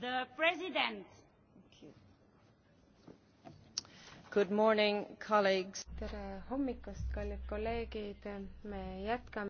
the president. Morning, tere hommikust kallid kolleegid me jätkame.